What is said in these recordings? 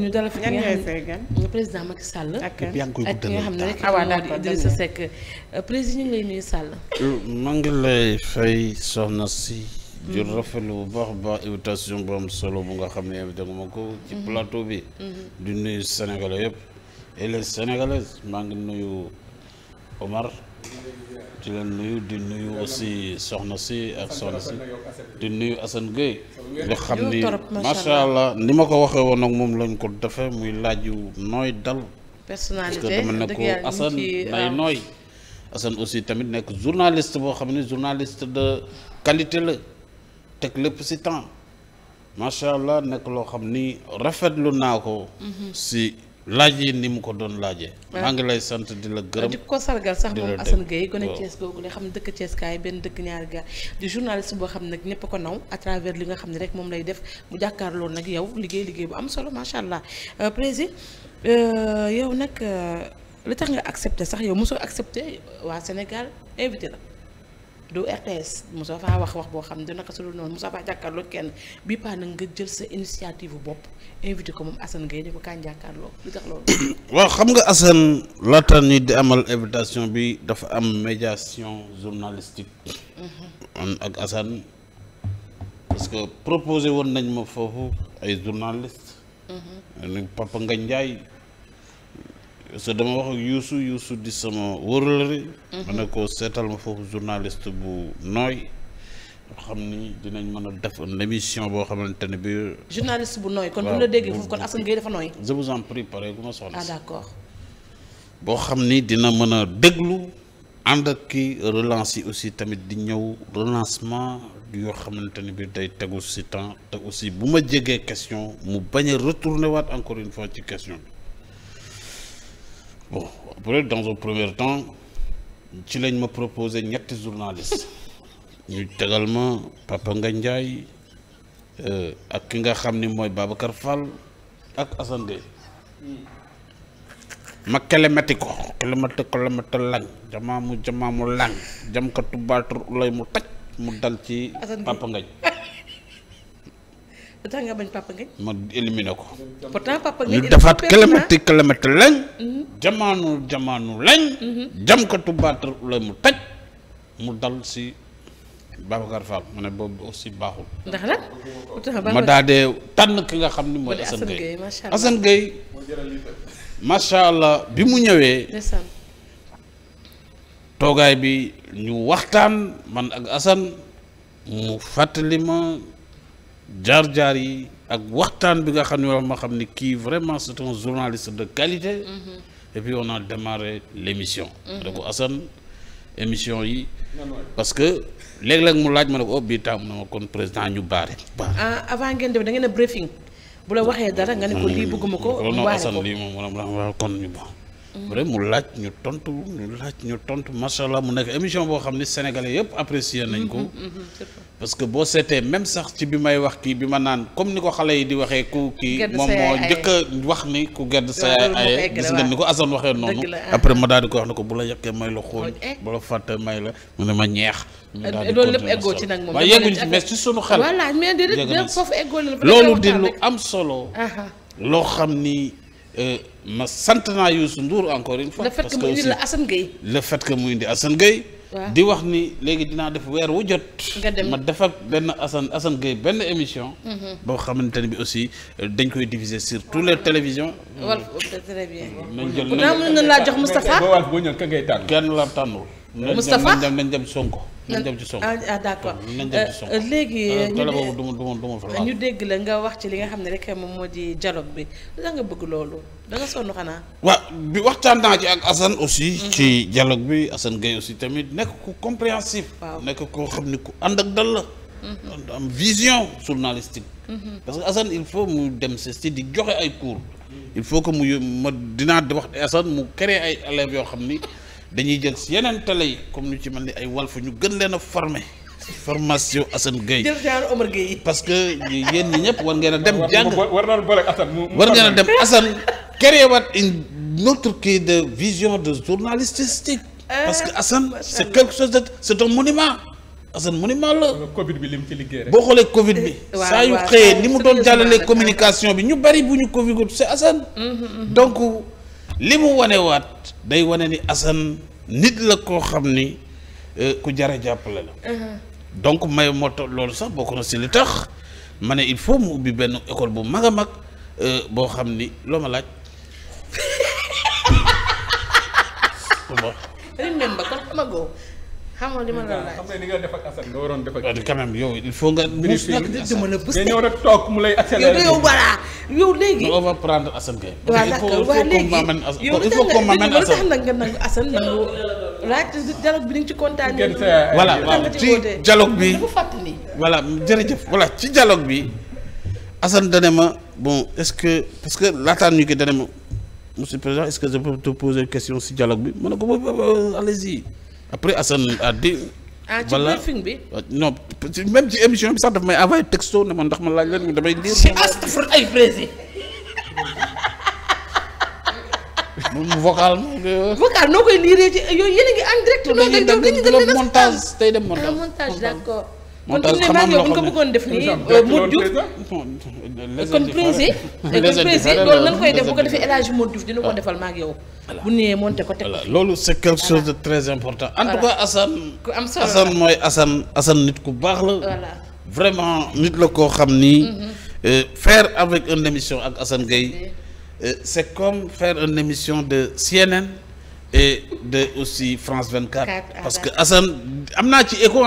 ñu dalal nga président Macky Sall. ak ki nga xam ne rek moo di Idrissa Seck euh, président ñu ngi lay nuyu Sall. Euh, maa ngi lay fay soxna si. di mm-hmm. rafetlu bu baax baax invitation bu am solo bu nga xam ne invité nga ma ko. ci mm-hmm. plateau bi. Mm-hmm. di nuyu Sénégalais yëpp et les Sénégalaises ngi nuyu Omar. di leen nuyu di nuyu aussi soxna si ak soxna si di nuyu Assane Gueye nga xam ni macha allah ni ma ko waxee woon nag moom lañ ko defee muy laaj yu nooy dal personnalité parce que dama ne ko Assane nay nooy Assane aussi tamit nekk journaliste boo xam ne journaliste de qualité la teg lépp si temps macha allah nekk loo xam ni rafetlu naa ko si mhm. laaj yi ni mu ko doon laajee. Ah. maa ngi lay sant di la gërëm di ko sargal sax moom Assane Gueye gone Thiès googu la xam ne dëkk Thiès kaay benn dëkk ñaari gaar di journaliste boo xam ne nag ko naw à travers li nga xam ne rek moom lay def mu jàkkaarloo nag yow liggéey liggéey bu am solo macha allah euh, président euh, yow nag euh, lu tax nga accepté sax yow mosoo accepté waa Sénégal invité la. du RTS Moussa faa wax wax boo xam ne dina ko su dul noonu Moussa faa jàkkaarloo kenn bi paa nga jël sa initiative bopp invité ko moom Assane Gueye ne ko kaan jàkkaarloo lu tax loolu. waaw xam nga Assane laata ñuy di amal invitation bi dafa am médiation journalistique. Mm-hmm. ak Assane parce que proposé woon nañ ma foofu ay journaliste. Mm-hmm. ni Papa Ngagne Ndiaye. so dama wax ak Youssou Youssou di sama wóorlari mhm. ma ne ko seetal ma foofu journaliste bu nooy xam ni dinañ mën a def une émission boo xamante ne bi journaliste bu nooy kon bu la déggee foofu kon Assane Gueye dafa nooy ma soxna ah d'accord boo xam ni dina mën a déglu ànd ak ki relance yi aussi tamit di ñëw relancement yoo xamante ni bi day tegu si temps te aussi bu ma jegee question mu bañ a retourner waat encore une fois ci question bi bon peut-être dans un premier temps ci lañ ma proposé ñetti journaliste ñu tegal ma Papa Ngagne euh, ak ki nga xam ni mooy Babacar Fall ak Assane Gueye ma kelemati ko kelemati ko kelemati lang jamaa mu jamaa mu lang jam ka lay mu taj mu dal ci Papa Ngagne tax nga bañ Papa Ngagne. ma éliminé ko. ñu defaat kilomètre kilomètre lañ. Mhm. jamaanu jamaanu lañ. Mhm. jam ko la mu taj mu dal si baaxul. ma daa dee tànn ki nga xam ni mooy. Assane Gueye Assane Gueye macha allah bi mu ñëwee. toogaay bi ñu waxtaan man ak Assane mu fàttali ma. jaar-jaar yi ak waxtaan bi nga xam ne wax ma xam ne kii vraiment c'est un journaliste de qualité mm-hmm. et puis on a démarré l'émission ma mm-hmm. ko Assane émission yi parce que léeg-léeg mu laaj ma ne ko ëpp oh, bii taamu na ma kon président ñu baare ah avant ngeen dem da ngeen a briefing bu la waxee dara nga ne ko mm-hmm. lii bëgguma ko non Assane lii moom waaw kon ñu bon vraiment mhm. mu laaj ñu tontu ñu laaj ñu tontu macha allah mu nekk émission boo xam ni sénégalais yëpp apprécier nañ ko. Mhm, mhm, parce que boo seetee même sax ci bi may wax kii bi ma naan comme ni ko xale yi di waxee ku kii. moom moo njëkk a wax ni ku gedd sa gis nga ni ko Assane waxee noonu. Ah. après ma daal di ko wax ne ko bu la yàqee may la xooñ. bu la fàtte may la mu ne ma ñeex. ñu eh, daal di loolu lépp eggoo ci nag moom waaye yegguñu ci sunu xel. loolu di am solo. loo xam ni Euh, ma sant naa Youssou Ndour encore une fois. parce que que mu indi la Assane Gueye. mu indi Assane Gueye. di wax ni léegi dinaa def weer wu jot. ma def benn asan Assane Gueye benn émission. Mhm. boo xamante ne bi aussi euh, dañ koy diffuser sur toutes les télévision wala très bien. nañ jël nañ la jox Moustapha. boo waat kenn la tànnul. Moustapha nañ dem nañ nañ dem ci Sonko ah, ah d'accord léegi ñu dégg la nga wax ci li nga xam ne rek moom moo di dialogue bi da nga bëgg loolu da nga sonn xanaa. waaw bi waxtaan naa ci ak Assane aussi. Mm-hmm. ci dialogue bi Assane Gueye aussi tamit nekk ku compréhensif. nekk koo xam ni ku ànd ak dal la. Mm-hmm. am vision journalistique. Mm-hmm. parce que Assane il faut mu dem si di joxe ay cours. il faut que mu ma dinaa wax Assane mu créer ay élèves yoo xam ni. dañuy jël si yeneen télé yi comme ñu ci mel ni ay walfu ñu gën leen a former formation Assane Gueye parce que yéen ñi ñëpp war ngeen dem jàng war nañu boole Assane war a dem Assane créer waat une autre kii de vision de journalistique euh, parce que Assane c'est quelque chose c'est un monument Assane monument la bi lim ci boo xoolee Covid bi euh, saa yu xëyee ni mu doon jàllalee communication bi ñu bari bu ñu Covid c'est Assane mm-hmm, mm-hmm. donc li mu wanewaat day wane ni Assane nit la koo xam ni euh, ku jar a jàppale la. Uh-huh. donc may moo tax loolu sax bokk na si li tax ma ne il faut mu ubbi benn école bu mag a mag euh, boo xam ni loo ma laaj. remember xam nga li ma la laaj xam nga li nga def ak Assane yow il faut nga. muus nag dama la bës. nga ñëw rek yow voilà yow léegi. on va prendre Assane kay. waaw d'accord waaw léegi il faut nga nangu Assane nangu laaj bi ni nga ci kontaan. voilà bon est-ce que parce que laataan ñu ko dana ma monsieur président est que je peux te poser question si dialogue bi ma ne ko allez-y après Assane a dit. Ah, ci briefing bi euh, non même ci émission bi sax daf may envoyé texto ne ma ndax ma laaj leen damay. lire si astafur ay président. moom vocal moom. vocal noo koy liiree ci yooyu yéen a ngi en direct. loolu dañuy dem montage tey dem montage ah, d'accord. moo tax xamal loo xam ne ko bëggoon def nii euh, Modou Diouf euh, euh, loolu nan koy def bu ko defee El Hadj Modou dina ko defal ma yow. bu nee monté ko teg loolu c' quelque chose de très important. en tout cas mooy Assane Assane nit ku baax la. vraiment nit la koo xam ni. Mm-hmm. faire avec une émission ak Assane Gueye. c' est comme faire une émission de CNN. et de aussi France 24. parce que Assane am naa ci écho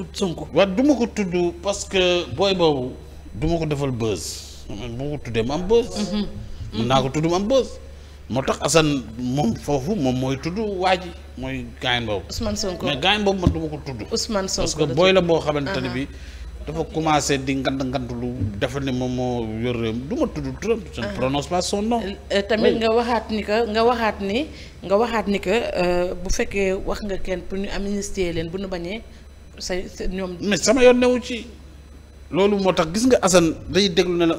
tudd Sonko. waaw du ma ko tudd parce que booy boobu duma ko defal buzz man bu ma ko tuddee ma am buzz. mun mhm. naa ko tudd ma am buzz. moo tax Assane moom foofu moom mooy tudd waa ji mooy gaañ boobu. Ousmane Sonko mais gaañ boobu man du ma ko tudd. Ousmane booy la boo xamante ne bi dafa commencé di ngand ngand lu dafa ne moom moo yor réew tudd turam. je ne prononce son nom. Euh, euh, tamit nga waxaat ni que nga waxaat ni nga waxaat ni que euh, bu fekkee wax nga kenn pour ñu amnistier leen bu ñu bañee. say ñoom. mais sama yoon newu ci loolu moo tax gis nga Assane day déglu ne la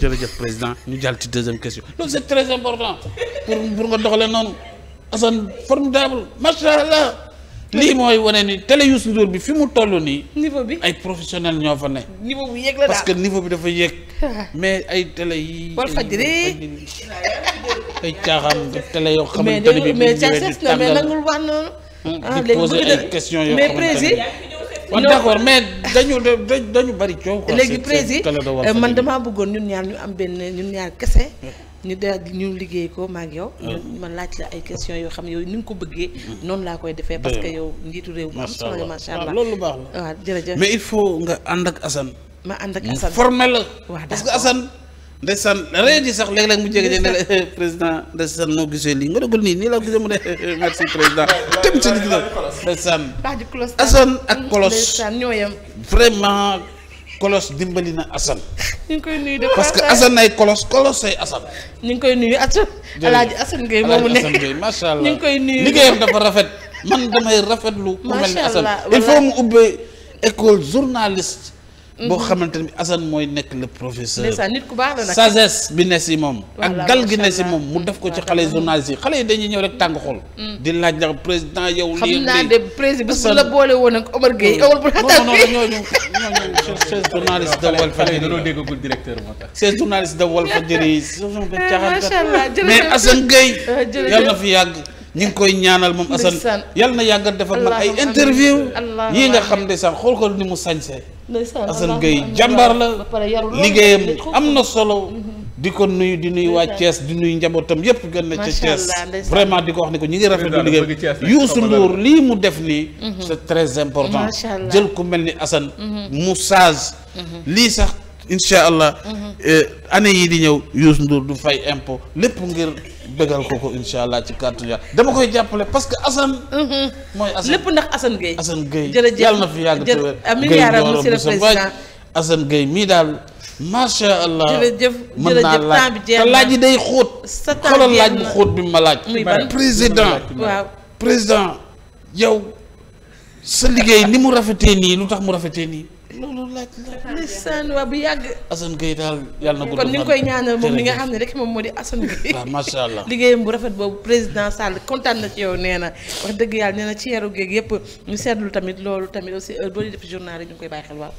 jërëjëf président ñu jàll ci deuxième question loolu c'est très important pour pour nga doxalee noonu Assane formidable macha allah lii mooy wane ni télé Youssou Ndour bi fi mu toll nii. niveau bi ay professionnels ñoo fa ne. niveau parce que niveau bi dafa yéeg. mais ay télé yi. Walfadjri ay caaxaan télé yoo xamante ne bii. mais mais mais nangul wax noonu. di poser ah, ay questions yoo mais président waaw d'accord mais dañu dañu bari coow. léegi président euh, man damaa bëggoon ñun ñaar ñu am benn ñun ñaar kese. ñu daal ñu liggéey ko ma ak yow. ma laaj la ay questions yoo xam yow ni nga ko bëggee. noonu laa koy defee parce que yow njiitu réew mi. macha allah macha allah loolu lu baax la. waaw jërëjëf mais il faut nga ànd ak Assane. ma ànd ak Assane mu formé la. parce ndeysaan ree ji sax léeg-léeg mu jege ne la eh, président ndeysaan noo gisee lii nga dogul nii nii la gisee mu ne eh, eh, merci président tëm ci liggéey ndeysaan Assane dimbali na Assane ñu ngi koy nuyu de parce que Assane ay Kolos Kolos ay ñu ngi koy nuyu Assane alaaji Assane Gueye moomu ne macha allah ñu ngi koy nuyu liggéeyam dafa rafet man damay rafetlu ku mel ni Assane il faut mu ubbee école journaliste boo xamante ni Assane mooy nekk le professeur. ndeysaan nit ku baax la nag sagesse bi ne si moom. ak dal gi ne si moom mu def ko ci xale journaliste yi xale yi dañuy ñëw rek tàng xol. di laaj ndax président yow. lii xam de président boole woon ak Omar Gueye. Omar bu la tàggatoo non non ñooñu ñooñu ces journalistes de Walfadjri dañoo déggagul directeur moo tax. ces journalistes de na fi yàgg. ñu ngi koy ñaanal moom Assane yàlla na yàgg a def ak man ay interview yii nga xam de sax xool ko ni mu sañsee Assane Gueye jàmbaar la liggéeyam am na solo mhm. di ko nuyu di nuy waa cees di nuyu njabootam yépp gën na ca Thiès vraiment di ko wax ne ko ñu ngi rafetlu liggéeyam Youssou Ndour lii mu def nii mhm. c'est très important jël ku mel ni Assane mu mhm. sage lii sax incha allah. Mhm. Eh, année yii di ñëw Youssou Ndour du fay impôt lépp ngir bégal ko ko incha allah ci kàttu yàlla dama koy jàppale parce que Assane. Mhm. mooy Assane lépp ndax Assane Gueye. Assane Gueye yàlla na fi yàgg te wér. amiin yaa mii daal. macha allah jërëjëf mën naa laaj te yi day xóot. sa laaj bu xóot bi ma laaj. président président yow. sa liggéey ni mu rafetee nii lu tax mu rafetee nii. loolu laaj la ndeysaan waa bu yàgg. Assane Gueye daal yàlla na ko. kon ni nga koy ñaanal moom mi nga xam ne rek moom moo di Assane Gueye. waaw ah, macha allah liggéeyam bu rafet boobu président Sall kontaan yow nee na wax dëgg nee na ci yaru geeg yëpp ñu seetlu tamit loolu tamit aussi heure boo di def journal rek ñu koy bàyyi xel waaw.